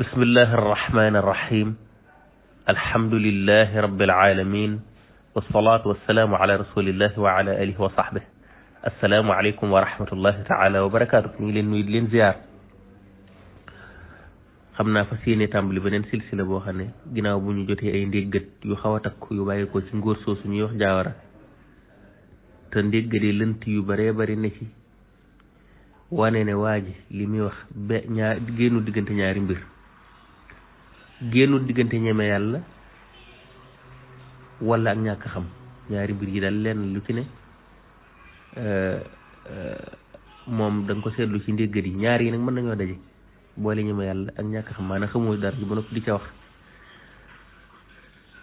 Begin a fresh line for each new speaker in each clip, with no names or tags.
bismillahi arrahmani arrahim alhamdulillahi rabbil alamin wasalaatu wasalaamu ala rasulillahi wa ala alihi wa sahbihi assalaamu aleykum wa rahmatullahi taala wa barakaatu ñu ngi leen nuyu di leen ziar xam naa fas yéene tàmbali beneen silsila boo xam ne ginnaaw bu ñu jotee ay ndéggat yu xaw a takk yu bàyyi ko ci ngóor soosu ñuy wax jaawara te ndéggat yi lënt yu baree bari ne ci wane ne waa ji li muy wax ba ñaar génnu diggante ñaari mbir génnul diggante ñeme yàlla wala ak ñàkk xam ñaari mbir yi daal lenn lu ci ne euh, euh, moom da ko seetlu ci ndéggat yi ñaar yi nag mën nañoo daje boole ñeme yàlla ak ñàkk xam maanaam xamoo dara ji ba noppi di ca wax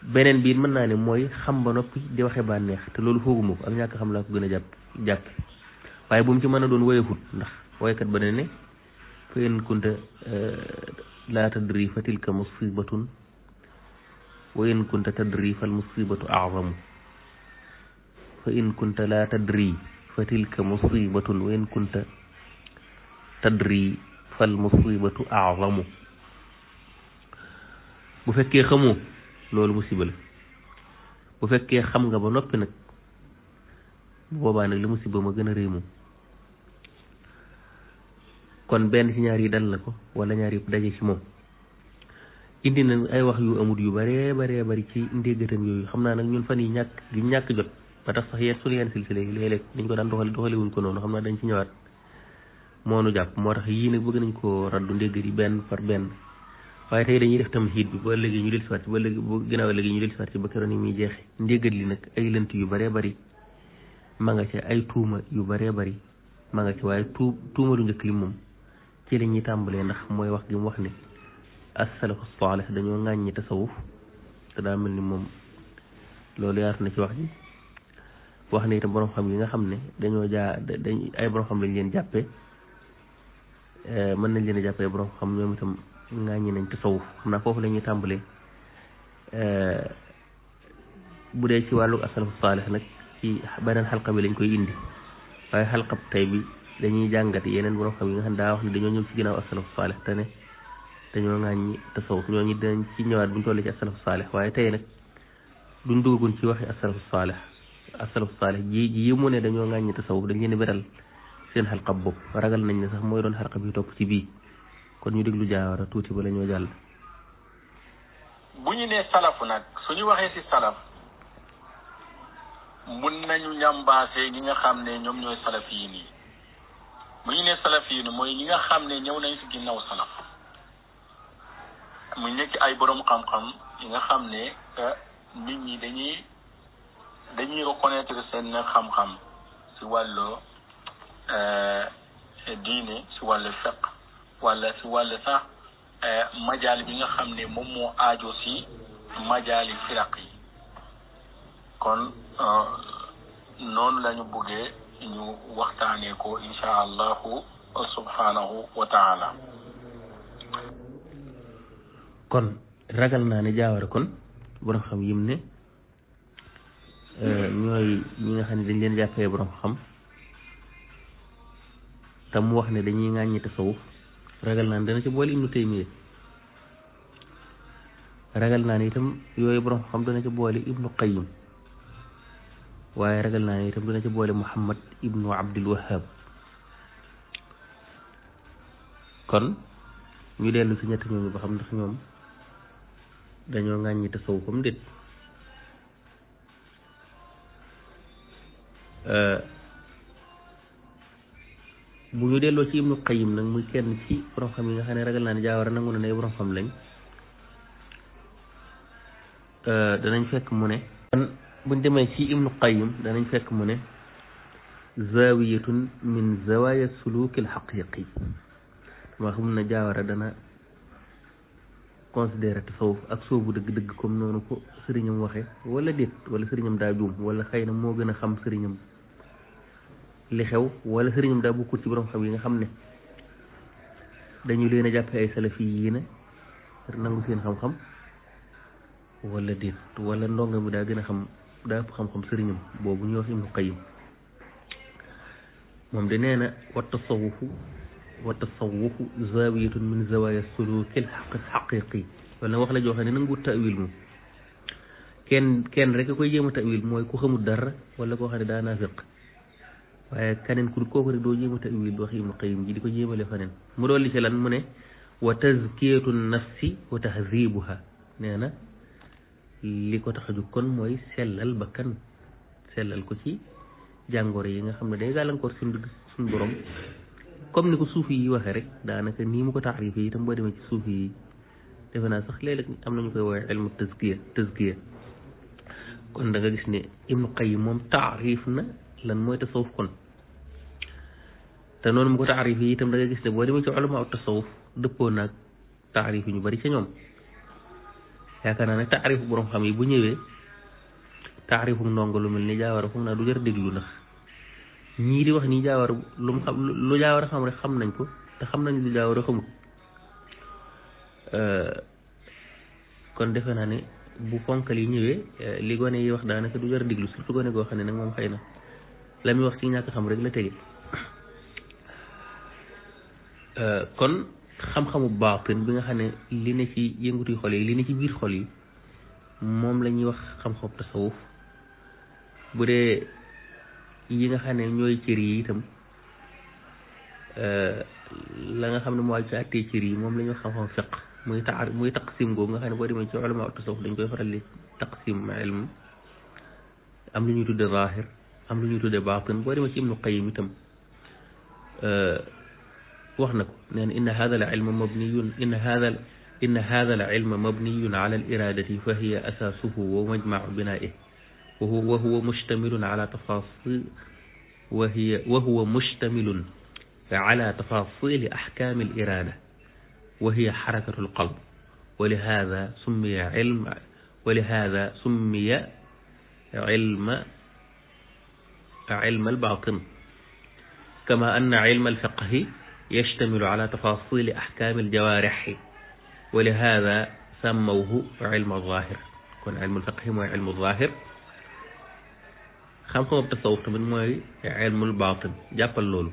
beneen bi mën naa ne mooy xam ba noppi di waxe bànneex te loolu fooguma ko ak ñàkk xam laa ko gën a jàpp jàpp waaye bu mu ci mën a doon woyefut ndax woykat ba ne ne fa laa tadri fa tilka musibatun wa in kunta tadri fal musibatu azamu fa in kunta laa tadri fa tilka musibatun wa in kunta tadri fal musibatu azamu bu fekkee xamoo loolu musiba la bu fekkee xam nga ba noppi nag bu boobaa nag li musiba ma gën a réy kon benn ci ñaar yi dal la ko wala ñaar yëpp daje ci moom indi na ay wax yu amut yu bare bare bari ci ndéggatam yooyu xam naa nag ñun fan yi ñàkk ñàkk jot ba tax sax yeen suñu yenn silsile yi léeg-léeg dañ ko daan doxale doxalewuñ ko noonu xam naa dañ ci ñëwaat moonu jàpp moo tax yii nag bëgg nañ koo raddu ndéggat yi benn par benn waaye tey dañuy def tam xiit bi ba léegi ñu del siwaat ci ba léegi ginnaaw léegi ñu del siwaat ci ba keroon yi muy jeexe ndéggat li nag ay lënt yu bare bari ma nga ci ay tuuma yu bare bari ma nga ci waaye tuuma lu njëkk li moom ci la ñuy tàmbalee ndax mooy wax gi mu wax ne as-salafu saalih dañoo ŋàññi tasawuf te daa mel ni moom loolu yaatu na ci wax ji wax ne itam boroom xam yi nga xam ne dañoo jaa dañ ay borom xam lañ leen jàppee eh, mën nañ leen a jàppee borom xam ñoom itam ŋàññi nañ tasawuf xam naa foofu la ñuy tàmbalee eh, bu dee ci wàllu as-salafu nag ci beneen xalqa lañ koy indi waaye xalqab tey bi. dañuy jàngat yeneen borom xam yi nga xam daa wax ne dañoo ñëw ci ginnaaw asalafu saalih te ne dañoo ŋàññi tasawuf ñooñu dinañ ci ñëwaat buñu tollee ci asalafu saalih waaye tey nag duñ dugagun ci asalafu saalih ji ji mu ne dañoo ŋàññi tasawuf dañ leen beral seen xalqa boobu ragal nañ ne sax mooy doon xalqa bi topp ci bii kon ñu déglu jaawara tuuti ba la ñoo jàll bu ñu nee salafu nag suñu waxee ci salaf mun nañu ñambaasee ñi ñoom ñooy salaf yi nii bu ñu nee salaf yi mooy ñi nga xam ne ñëw nañ si ginnaaw salaf mu nekk ay borom xam-xam yi nga xam ne euh, nit ñi dañuy dañuy reconnaître seen xam-xam si wàllu euh, diine si wàll fiqh wala si wàll sax euh, majaal bi nga xam ne moom moo aajo si majaali firaq yi kon noonu lañu buggee ñu waxtaanee ko incha allahu subhanahu wa kon ragal naa ne jaawara kon borom xam yim ne euh, ñooy ñi nga xam ne dañ leen jàppee borom xam te wax ne dañuy ŋàññi tasawuf ragal naa ne dana ci boole ibnu taymiya ragal naa ne itam yooyu borom xam dana ci boole ibnu qayyim waaye ragal naa ne itam dina ci boole muhammad ibnu abdul wahab kon ñu dellu si ñetti ñooñu ba xam ndax ñoom dañoo ŋàññi tasawuf am déet bu ñu delloo ci ibnu qayyim nag muy kenn ci borom xam yi nga xam ne ragal naa ne jaawara nangu na ne borom xam lañ danañ fekk mu ne buñ demee ci ibnu qayyim danañ fekk mu ne zaawiyatun min zawaaya suluki alxaqiqi maa xam ne jaawara dana considéré tasawuf ak soobu dëgg-dëgg noonu ko sëriñam waxe wala déet wala sëriñam daa wala xëy na moo gën a xam sëriñam li xew wala sëriñam daa bokkul ci borom yi nga xam ne dañu leen a jàppe ay salafi yi ne nangu seen xam-xam wala déet wala ndonga mi daa gën a xam daa ëpp xam-xam sëriñam boobu ñoo fi Ibnu Qayyim moom de nee na wa tasawufu wa tasawufu zawiyatun min zawaya sulukil xaq xaqiqi loolu wax la joo xam ne nangu tawil moom kenn kenn rek koy jéem a tawil mooy ku xamul dara wala koo xam ne daa naafiq waaye keneen ku kooku rek doo jéem a tawil wax Ibnu Qayyim ji di ko jéemale faneen mu dolli ci lan mu ne wa tazkiyatu nafsi wa tahdibuha nee na li ko tax a jóg kon mooy sellal bakkan sellal ko ci jàngoor yi nga xam ne day gàllankoor suñu suñu borom comme ni ko suuf yi waxee rek daanaka nii mu ko taxrife itam boo ci suuf yi defe naa sax léeg-léeg am koy woowee ilmu tazkiya tazkiya kon da gis ne Ibnu Qayyim moom taarif na lan mooy tasawuf kon te noonu mu ko taarif yi itam da nga gis ne boo demee ci ulama tasawuf dëppoo naag taarif yi ñu bari ca ñoom yaakaar naa ne taarifu borom xam yi bu ñëwee taarifu ndongo lu mel ni jaawara foog naa du jar déglu ndax ñii di wax nii jaawara lu mu xam lu jaawara xam rek xam nañ ko te xam nañ lu a xamul kon defe naa ne bu ponkal yi ñëwee li gone yi wax daanaka du jar déglu surtout gone goo xam ne nag moom xëy na la wax ci ñàkk xam rek la tege kon xam-xamu baatin bi nga xam ne li ne ci yëngutu xol yi li ne ci biir xol yi moom la ñuy wax xam-xam tasawuf bu dee yi nga xam ne ñooy cër yi itam euh, la nga xam ne moo wàcc ci àttee cër yi moom la ñuy wax xam-xam fiq muy taar muy taqsim googu nga xam ne boo demee ci ulama tasawuf dañ koy faral di taqsim ilm am lu ñuy tudde zaahir am lu ñuy tudde baatin boo demee ci ibnu qayyim itam euh, wax na ko nee na inna hada la ilma mabniyun inna hada inna hada la ilma mabniyun ala al iradati fa hiya asaasuhu wa majmacu binaihi wa huwa mustamilun ala tafasil wa hiya wa huwa mustamilun ala tafasili ahkami al irada wa hiya xarakatu al qalb wa lihada summiya ilma wa lihada summiya ilma ilma al batin kama anna ilma al fiqhi يشتمل على تفاصيل أحكام الجوارح ولهذا سموه علم الظاهر kon ilmul fiqh mooy ilmul zaahir xam-xamab tasawuf tamit mooy ilmul baatin jàppal loolu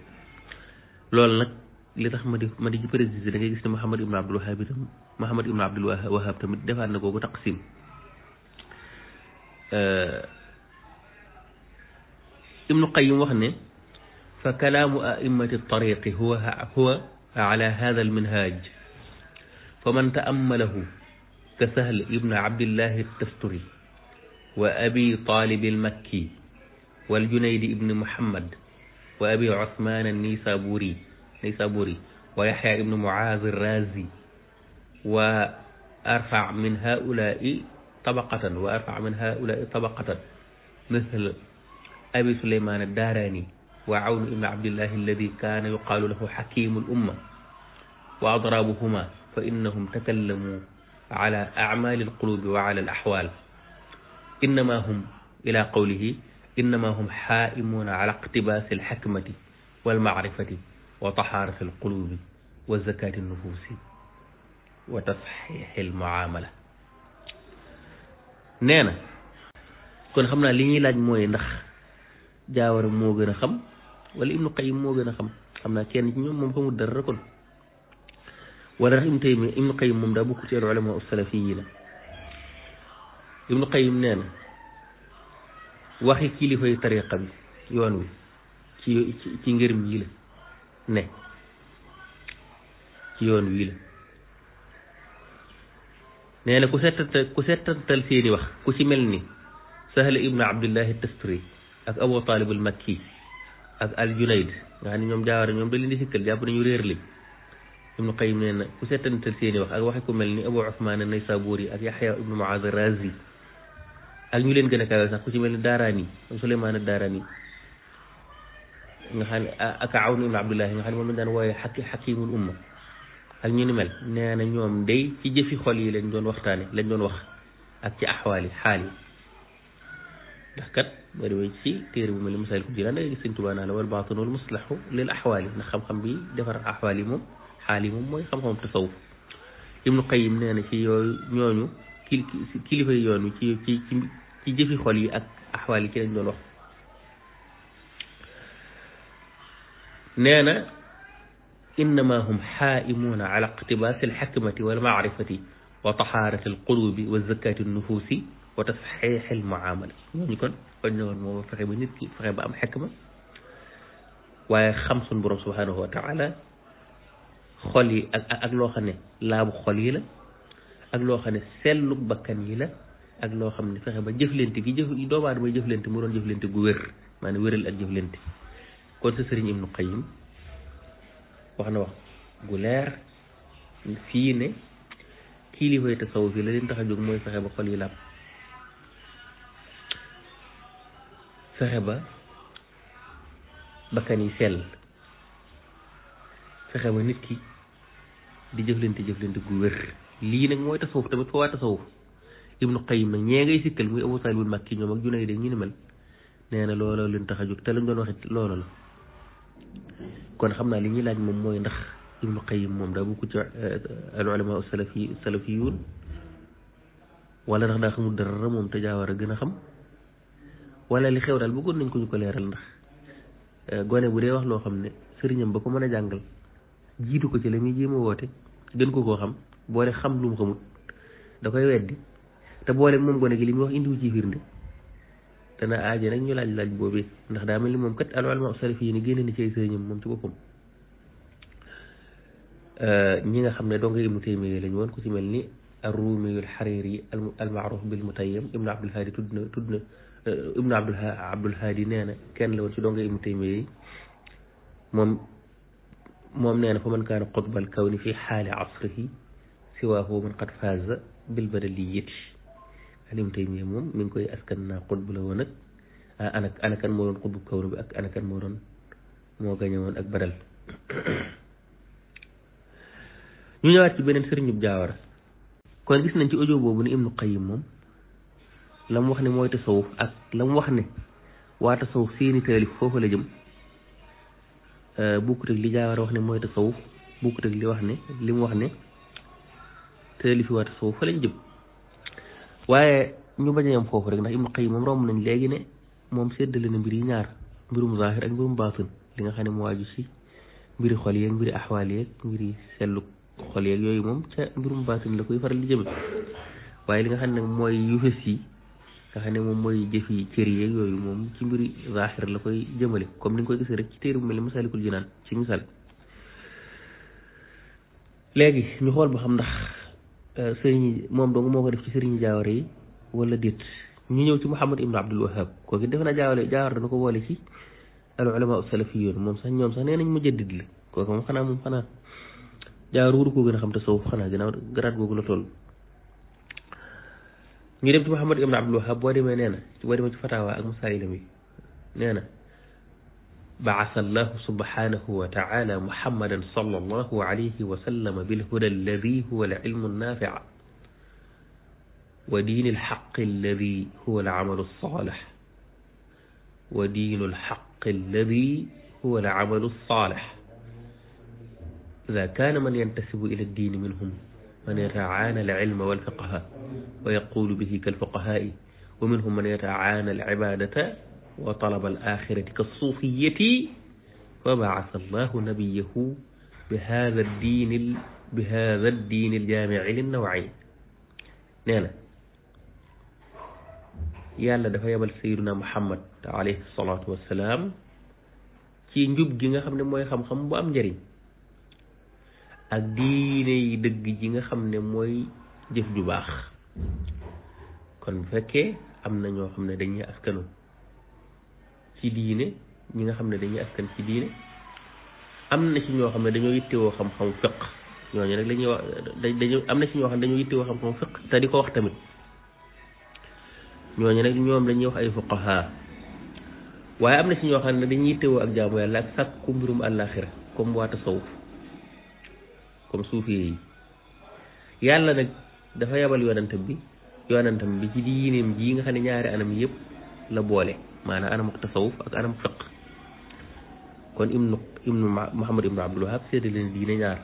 loolu nag li tax ma di ma di ci préciser da ngay gis ne Muhammad ibn Abdul Wahhab itam Muhammad ibn Abdul Wahhab tamit defaat na kooku taqsim Ibnu Qayyim wax ne فكلام أئمة الطريق هو هو على هذا المنهاج فمن تأمله كسهل ابن عبد الله التستري وأبي طالب المكي والجنيد ابن محمد وأبي عثمان النيسابوري نيسابوري ويحيى ابن معاذ الرازي وأرفع من هؤلاء طبقة وأرفع من هؤلاء طبقة مثل أبي سليمان الداراني wa awnu ibni abdillahi alladi kaana yuqaalu lahu xakimu l umma wa adraabuhuma fa innahum takallamu ala acmaali alqulubi wa ala al axwaal innama hum ila qawlihi innama hum xaa'imuuna ala iqtibaasi alxikmati walmacrifati wa tahaarati alqulubi wa zakaati nnufuusi wa tasxiixi almucaamala nee na kon xam naa li ñuy laaj mooy ndax jaawara moo gën a xam wala ibnu qayim moo gën a xam xam naa kenn ci ñoom moom xamul mu kon wala tax ibnu taymi ibnu qayim moom daa bokk ci al ulama salafi yi la ibnu qayim nee na waxi kilifay tariqa bi yoon wi ci ci ngërëm yi la ne ci yoon wii la na ku settantal ku seeni wax ku ci mel ni sahla ibnu abdillahi tastri ak abu talib al makki ak al junayd nga xam ñoom jaawara ñoom da leen di sikkal jàpp nañu réer li ibnu qayim nee na ku seetantal seeni wax ak waxe ku mel ni abu usmaan naysaburi ak yaxya ibnu muaz razi ñu leen gën a kawe sax ku ci mel ni daaraani suleymaan daaraani nga xam ne ak awn ibnu abdullahi nga xam ne moom lañ daan wooye xaqi xaqimul ak ñu ni mel nee na ñoom day ci jëfi xol yi lañ doon waxtaane lañ doon wax ak ci axwaali xaal ndax kat bari ci téere bu mel ni masaal ko jiraan da nga wal baatinul muslahu lil axwaali ndax xam-xam bi defar axwaal yi moom xaal yi moom mooy xam-xamam tasawuf Ibnu ci yooyu ñooñu kii kilifa yoon wi ci ci ci jëfi xol yi ak axwaal yi ci lañ doon wax nee na innama hum xaa'imuuna ala iqtibaasi wal maarifati wa tahaarati wa tasxiixil muamala ñooñu kon bañ fexe ba nit ki fexe ba am xekma waaye xam suñu borom subhanahu wa taala xol yi ak ak loo xam ne laabu xol yi la ak loo xam ne sellu bakkan yi la ak loo xam ne fexe ba jëflante gi jëf doomu aadama jëflante mu doon jëflante gu wér maanaam wéral ak jëflante kon sa sëriñ Ibnu Qayyim wax na wax gu leer fii ne kilifa yi tasawuf yi la leen tax a jóg mooy fexe ba xol yi laab fexe ba bakkan yi nit ki di jëflante jëflante gu wér lii nag mooy tasawuf tamit fa waa tasawuf ibnu Qayyim nag ñee ngay sikkal muy Abu Taalib Makki ñoom ak junay de ñu ni mel nee na looloo leen tax a jóg te lañ doon waxit loolo la kon xam naa li ñuy laaj moom mooy ndax ibnu Qayyim moom daa bokk ci eh, al ulama salafi salafiyuun wala ndax daa xamul dara moom te jaawar a gën a xam wala li xew daal bëggoon nañ ko ñu ko leeral ndax euh, gone bu dee wax loo xam ne sëriñam ba ko mën a jàngal jiitu ko ci la muy jéem woote gën ko koo xam boole xam lu mu xamut da koy weddi te boole moom gone gi li muy wax indiwu ci firnde dana aaje nag ñu laaj laaj boobee ndax daa mel ni moom kat alwalma salafi yi ni génne ni ci ay moom ci boppam euh, ñi nga xam ne dong ibnu taymiya lañu woon ku ci mel ni arrumiyul xariri al maaruf bil mutayyam ibnu abdul hadi tudd na tudd na Euh, ibnu abdul abdul haadi nee na kenn la woon ci donga ibnu taymiya yi moom moom nee na fa man kaana qutbal kawni fi xaali asrihi siwaahu man qad faaza bil badaliyati al ibnu taymiya moom mi koy askan naa qutb la woon ak ah, ana kan moo doon qutbu kawni bi ak ana kan moo doon moo gañe ak badal ñu ñëwaat ci beneen sëriñub jaawara kon gis nañ ci audio boobu ni ibnu qayim moom la mu wax ne mooy tasawuf ak la mu wax ne waa tasawuf seeni taalif foofu la jëm euh, bukkut ak li jaawar wax ne mooy tasawuf bukkut ak li wax ne li wax ne taalifi waa tasawuf fa lañ jëm waaye ñu bañ a yem foofu rek ndax Ibnu Qayyim moom romb nañ léegi ne moom séddale na mbir yi ñaar mbirum zaahir ak mbirum baatin li nga xam ne mu waaju si mbiri xol yeeg mbiri axwaal yeeg mbiri sellu xol la koy faral di jëme waaye li nga xam ne mooy yu fës yi nga xam ne moom mooy jëf yi cër yeeg yooyu moom ci mbiri zahir la koy jëmale comme ni nga koy gisee rek ci téere bu mel ni Masaalikul Jinaan ci misaal léegi ñu xool ba xam ndax euh, sëriñ moom dong moo ko def ci sëriñ jaaware yi wala déet ñu ñëw ci Muhammad ibnu Abdul Wahab kooku defe naa jaawale jaawar dana ko boole ci al ulama salafiyyoon moom sax ñoom sax nee nañ mujaddid la kooku moom xanaa moom xanaa jaawar wuru ko gën a xam te soow xanaa gannaaw garaat googu la toll ñu dem ci Muhammad ibn Abdul Wahab boo demee nee na boo demee ci fatawa ak masaayilam yi nee na baasa allahu subhanahu wa taala muhammadan sallallahu alayhi wa sallama bilhuda alladi huwa alilmu annaafic wa diini alxaqi alladi huwa alamalu alsaalix wa diinu alxaqi alladi huwa alamalu alsaalix ida kaana man yantasibu ila addiini minhum man yatacaana al ilma wal fiqha wa yaqulu bihi kal fuqahaai wa minhum man yatacaana al ibadata wa talaba al axirati ka suufiyati fa baasa allahu nabiyahu bi haada diini bi haada diini al jaamici lin nawcayn nee na yàlla dafa yebal sayyiduna muhammad alayhi salaatu wassalaam ci njub gi nga xam ne mooy xam-xam bu am njëriñ ak diine yi dëgg ji nga xam ne mooy jëf ju baax kon bu fekkee am na ñoo xam ne dañuy askanu ci diine ñi nga xam ne dañuy askan ci diine am na ci ñoo xam ne dañoo yittewoo xam-xam fiq ñooñu rek la ñuy wax am na ci ñoo xam ne dañoo yittewoo xam-xam fiq te di ko wax tamit ñooñu rek ñoom lañuy wax ay fuqaha waaye am na ci ñoo xam ne dañuy yittewoo ak jaamu yàlla ak sàkku mbirum àllaaxira comme waa tasawuf comme suufiyee yi yàlla nag dafa yabal yonantam bi yonantam bi ci diineem ji nga xam ñaari anam yëpp la boole maanaam anamuk tasawuf ak anamuk fiq kon ibnu ibnu Muhammad ibnu Abdul Wahab seede leen diine ñaar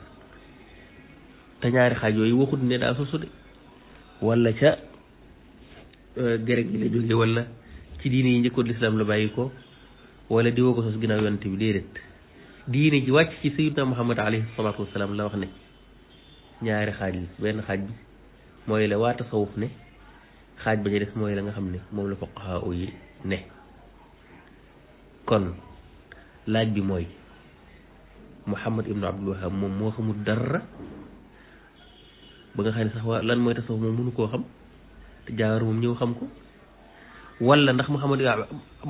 te ñaari xaaj yooyu waxut ne daa sosu de wala ca euh, grec la jóge wala ci diine yi njëkkoon lislaam la bàyyi ko wala di ko sos ginnaaw yonante bi déedéet diine ji wàcc ci sayyidna muhammad alayhi salaatu wasalaam la wax ne ñaari xaaj la benn xaaj bi mooy la waa tasawuf ne xaaj ba ci des mooy xam ne moom la fuqahaa yi kon laaj bi mooy muhammad ibnu abdul wahab moom moo xamul dara ba nga xam ne sax waa lan mooy tasawuf moom mënu koo xam te jaawaar moom ñëw xam ko wala ndax muhammad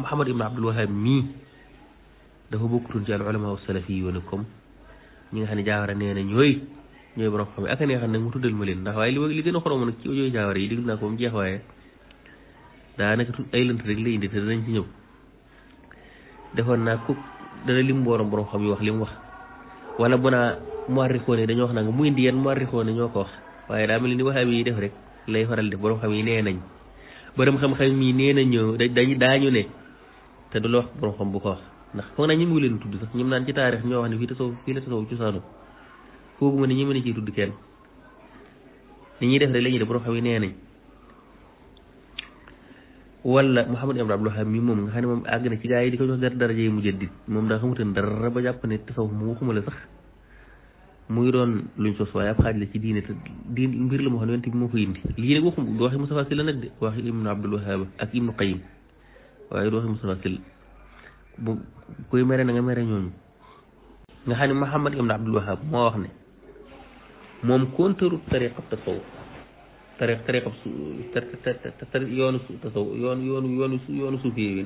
muhammad abdul wahab mii dafa bokkutoon ci al ulama salafi comme ñi nga xam ne jaawara nee na ñooy ñooy borom xam yi ak a nag mu tuddal ma leen ndax waaye li li gën a xoromoon nag ci audio jaawara yi dégg mu la indi te defoon naa ko dana lim borom borom xam wax li mu wax wala bu naa muarrixoon dañoo wax nanga mu indi yan muarrixoon yi ñoo ko waaye daa mel ni waxam yi def rek lay faral def borom xam yi nee nañ borom xam-xam yi nee daa ñoo dañu ne te du wax borom xam bu ko wax. ndax foog naa ñi mu ngi leen tudd sax ñim naan ci taarix ñoo wax ne fii tasawuf fii la tasawuf cosaanu foogu ma ne ñi mën a ciy tudd kenn ni ñuy def rek la ñuy def borom xam yi nee nañ wala Muhammad ibn Abdul Wahhab mi moom nga xam ne moom àgg na ci gaa yi di ko dara daraja yi mu jëddit moom daa xamutan dara ba jàpp ne tasawuf mu waxuma la sax mu ngi doon luñ sos waaye ab xaaj la ci diine te diin la moo xam ne yonent bi moo ko indi lii nag waxu du waxi Moustapha Sylla nag de waxi ibnu Abdul Wahhab ak waaye du waxi Moustapha bu kuy mere na nga mere ñooñu nga xam ne Muhammad ibn Abdul Wahab moo wax ne moom kontarut tariqab tasawuf tariq tariqab su yoonu su yoonu yoonu yoonu yoonu suufi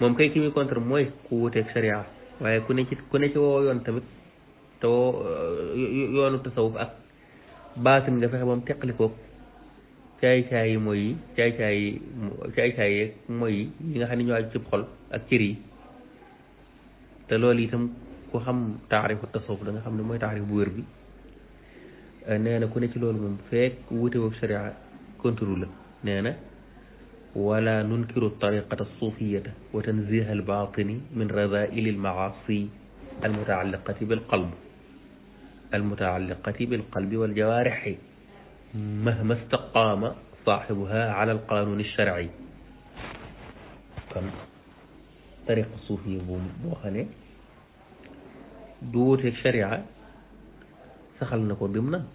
moom kay ki muy mooy ku wuteeg sharia waaye ku ne ku ne ci yoon tamit te woo yoonu tasawuf ak baatin nga fexe ba mu teqali ko caay-caay yi mooy caay-caay yi caay mooy yi nga xam ne ñoo aju xol ak cër yi te loolu itam ku xam taarifu tasawuf da nga xam ne mooy taarif bu wér bi nee na ku ne ci loolu moom fekk wute woof sharia contrôle la nee na wala nunkiru tariqata suufiyata wa tanziha al baatini min razaili al maasi al mutaalliqati bil qalb al mutaalliqati bil qalbi wal jawaarixi mahma istaqaama saaxibuha ala alqanuun alsharci kon tariqa suufi bu boo xam ne du wuuteeg sharia saxal na ko dim na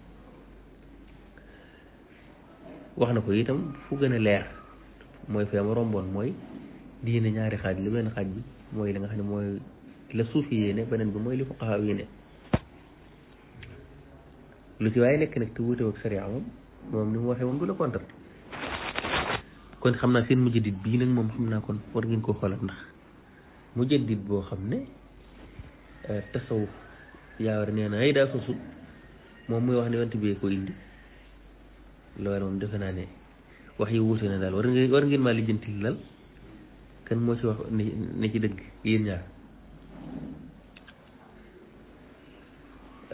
wax na ko itam fu gën a leer mooy fee ma romboon mooy diine ñaari xaaj li benn xaaj bi mooy li nga xam ne mooy la suufi yéene beneen bi mooy li fuqaha yéene lu ci waaye nekk nag te wuute ak sariya moom moom ni mu waxee woon du la contre kon xam naa seen mujjadit bii nag moom xam naa kon war ngeen koo xoolal ndax mujjadit boo xam ne euh, tasawuf yaa war nee na ay daa sosu moom muy wax ne wante bee ko indi loolu moom defe naa ne wax yi wuute na daal war ngeen war ngeen maa lijjanti lal kan moo ci wax ne ci dëgg yéen ñaar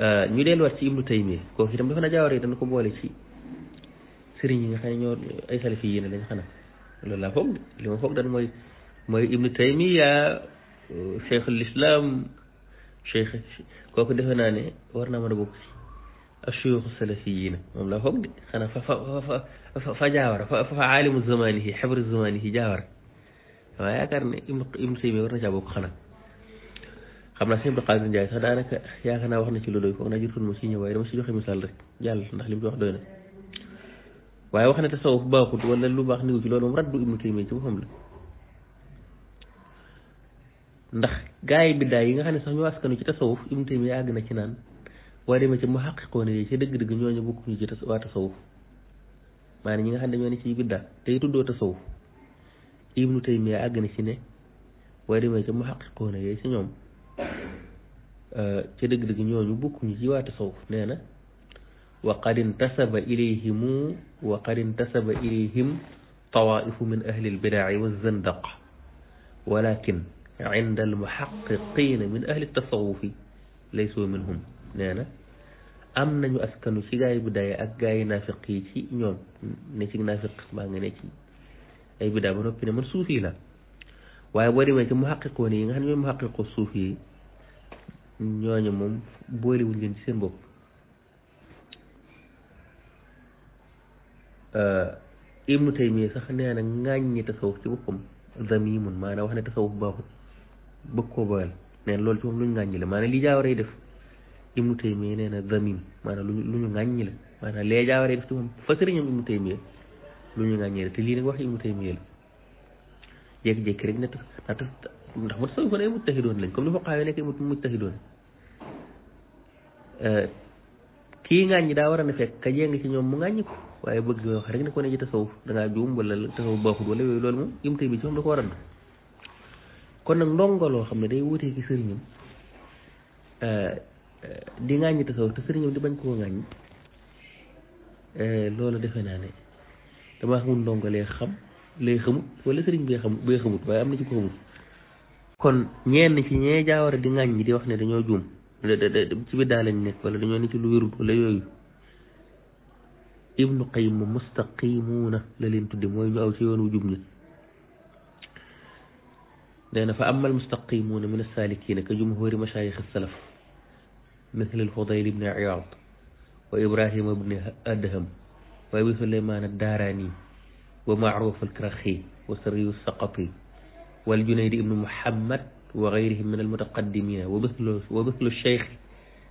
Euh, ñu delluwaat ci ibnu taymiya kooku itam dafa na jaaware dana ko boole ci sëriñ yi nga xam ne ñoo ay salafi yi xanaa loolu foog li ma foog dan mooy mooy ibnu taymiya cheikhul lislaam cheikh kooku defe naa ne war naa mën a bokk ci ashuyuxu salafiyiina moom laa foog de xanaa fa fa fa fa jaawara fa fa aalimu zamanihi xabru zamanihi jaawara waaye yaakaar ne ibnu taymiya war na bokk xanaa xam naa sëñ Abdou Khadir Ndiaye sax daanaka yaakaar naa wax na ci lu doy foog naa jërtoon mo si ñëw waaye dama si joxe misaal rek jàll ndax li mu wax doy na waaye wax ne tasawuf baaxut wala lu baax niwu ci loolu moom raddu Ibnu Taymiya ci boppam bi daay yi nga xam ne sax ñu askanu ci tasawuf Ibnu Taymiya àgg na ci naan waaye demee ci muhaqqiqoon yi ci dëgg-dëgg ñooñu bokkuñu ci waa tasawuf maanaam ñi nga xam ne ñoo ne ci bidda tey tuddoo tasawuf Ibnu Taymiya àgg na ci ne waaye demee ci ñoom ci dëgg-dëgg ñooñu bokkuñu ci waa tasawuf nee na wa qad intasaba ilayhimu wa qad intasaba ilayhim tawaifu min ahli albidaai walzandaq walakin inda almuhaqiqina min ahli tasawufi laysu minhum nee na am nañu askanu ci gaay bidaaya ak gaay naafiq ci ñoom ne ci naafiq maa ngi ne ci ay bidaa ba noppi ne man suufi la waaye boo demee ci muhaqqiqoon nii nga xam ne ñooy muhaqqiqu suuf yi ñooñu moom boolewuñ leen ci seen bopp ibnu taymiya sax nee na ŋàññi tasawuf ci boppam zamimun maanaam wax ne tasawuf baaxut bëgg koo boyal nee na loolu ci moom lu ñu ŋàññi la maanaam li jaawaree def ibnu taymiya nee na zamim maanaam lu lu ñu ŋàññi la maanaam lee jaawaree def ci moom fa sëriñam ibnu lu ñu ŋàññi la te lii nag wax ibnu taymiya la jékki-jékki rek ne tax ndax mutasawwifa ay muttahidoon lañ comme ni fuqahaa yi nekk ay muttahidoon kii ŋàññi daa war a ne fekk ka jéng ci ñoom mu ŋàññi ko waaye bëgg wax rek ne ko ne ci tasawuf dangaa juum wala tasawuf baaxul wala yooyu loolu moom im tay bi ci moom da ko war a kon nag ndongoloo xam ne day wutee ci sëriñam di ŋàññi tasawuf te sëriñam di bañ koo ŋàññi loolu defe naa ne damaa xamul ndongolee xam lay xamut wala sëriñ bee xamut bee xamut waaye am na ci ko xamut kon ñenn ci ñee jaawara di ŋàññ ñi di wax ne dañoo juum ci bi daa lañ nekk wala ci lu wérul wala yooyu ibnu qayyim moom mustaqimuuna la leen tudde mooy ñu aw ci yoon wu jub ñi nee na fa amma almustaqimuuna min alsaalikiina ka jumhuuri masaayix salaf mithl alfudayl ibni iyaad wa ibrahima ibni adham wa abi suleymaan addaaraani wa maaruf alkaraxi wa sariyu saqafi wal junaydi ibnu muhammad wa gayrihim min almutaqaddimina wa mithlu wa mithlu cheikh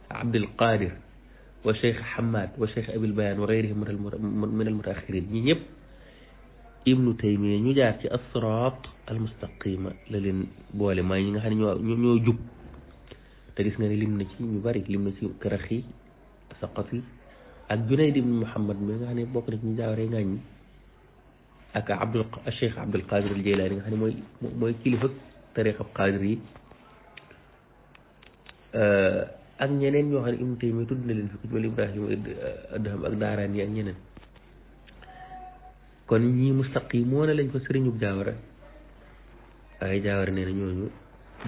abdulqadir wa cheikh hamad wa cheikh abilbayan wa gayrihim min almutaaxirin ñi ñëpp ibnu taymiya ñu jaar ci asrat almustaqima la leen boole may ñi nga xam ne ñoo ñoo jub te gis nga ne lim na ci ñu bari lim na ci karaxi saqafi ak junayd ibnu muhammad mi nga xam ne bokk na ci ñu jaaware ngaañ ñi ak Abdul Cheikh Abdul Qadir al Jeylaani nga xam ne mooy mooy kilifa tariqa Qadir yi ak ñeneen ñoo xam ne Ibnu Taymiya tudd na leen fi ku ci mel Ibrahima ak Daaraan yi ak ñeneen kon ñii mustaqim lañ ko sëriñub jaawara waaye jaawara nee na ñooñu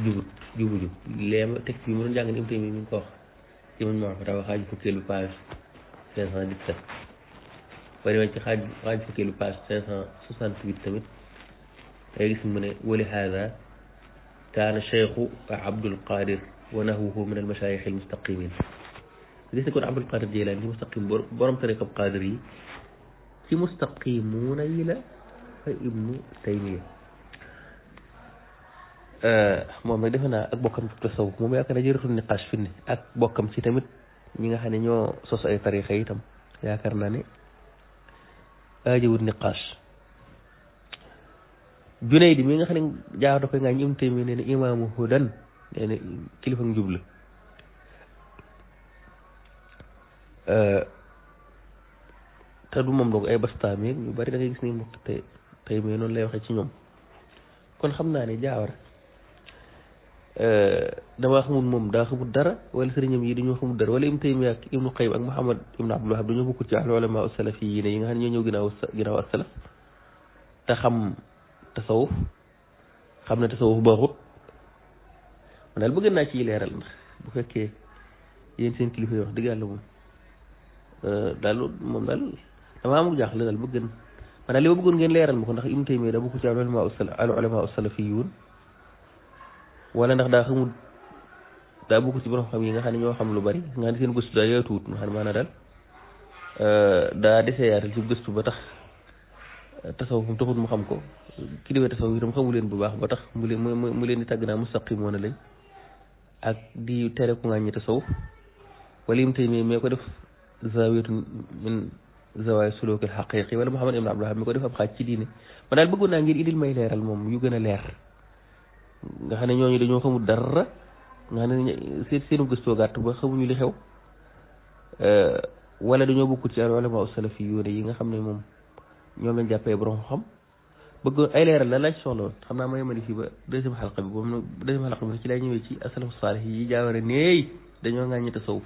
jubut jubuñu léema texte bi mu doon jàng ne Ibnu Taymiya mi ngi ko wax ci man maa ko taw xaaju fukkeelu page cinq cent dix-sept ba demee ci xaaj xaaj fukkeelu page cinq cent soixante-huit tamit day gis mu ne wali abdul qadir wa nahwuhu min al mashayikh al mustaqimin gis ne kon abdul qadir jilani ci mustaqim borom tariqab qadir yi ci mustaqimuuna yi la fa ibnu taymiya moom nag defe naa ak bokkam ci tasawuf moom yaakaar naa jërëtul niqaas fi ne ak bokkam ci tamit ñi nga xam ne ñoo sos ay tariqa yi itam yaakaar naa ne aajawut niqaas Junayd mi nga xam ne jaaxal da koy ngaa ñu Ibnu Taymiya nee imaamu hudan nee kilifa njub la te du moom doog ay bastaami ñu bari da gis ni mu te tey noonu lay waxe ci ñoom kon xam naa ne jaawar Eh, damaa xamul moom daa xamul dara wala sëriñam yi dañoo xamul dara wala ibnu taymiya ak ibnu qayyim ak muhammad ibnu abdul wahab dañoo bokkul ci ahlu ulama salafi yi ne yi nga xam ne ñoo ñëw ginnaaw ginnaaw ak salaf te xam tasawuf xam ne tasawuf baaxut man daal bëgg naa ci leeral ndax bu fekkee yéen seen kilifa yi wax dëgg yàlla moom eh, daal moom daal damaa amul jaaxle daal bëgg man daal li ma ngeen leeral ma ko ndax ibnu taymiya daa bokkul ci ahlu ulama salafi yi woon wala ndax daal xamul daa bokk ci borom xam yi nga xam ne ñoo xam lu bari nga xam ne seen gëstu daal yaatuwut nga xam ne maanaam daal euh, yaatal ci gëstu ba tax tasawuf mu taxut mu xam ko kilifa tasawuf itam xamu leen bu baax ba tax mu leen mu leen di tàgg naa mustaqimoon lañ ak di tere ku ngàññi tasawuf wala yim tey mais ko def zawiyatu min zawaay sulukil xaqiqi wala Muhammad ibn Abdul Wahhab mi ko def ab xaaj ci diine ma daal bëggoon ngir indil may leeral moom yu gën a leer nga xam ne ñooñu dañoo xamul dara nga xam ne seen seenu gëstoo gàtt ba xamuñu li xew euh, wala dañoo bokkul ci al ulama salafi yu ne yi nga xam ne moom ñoom lañ jàppee borom xam bëggoon ay leeral la laaj soxla xam naa may mën fii ba deuxième xalqa bi boobu deuxième xalqa bi ci lay ñëwee ci asalafu saalih yi jaaware neey dañoo ngàññi tasawuf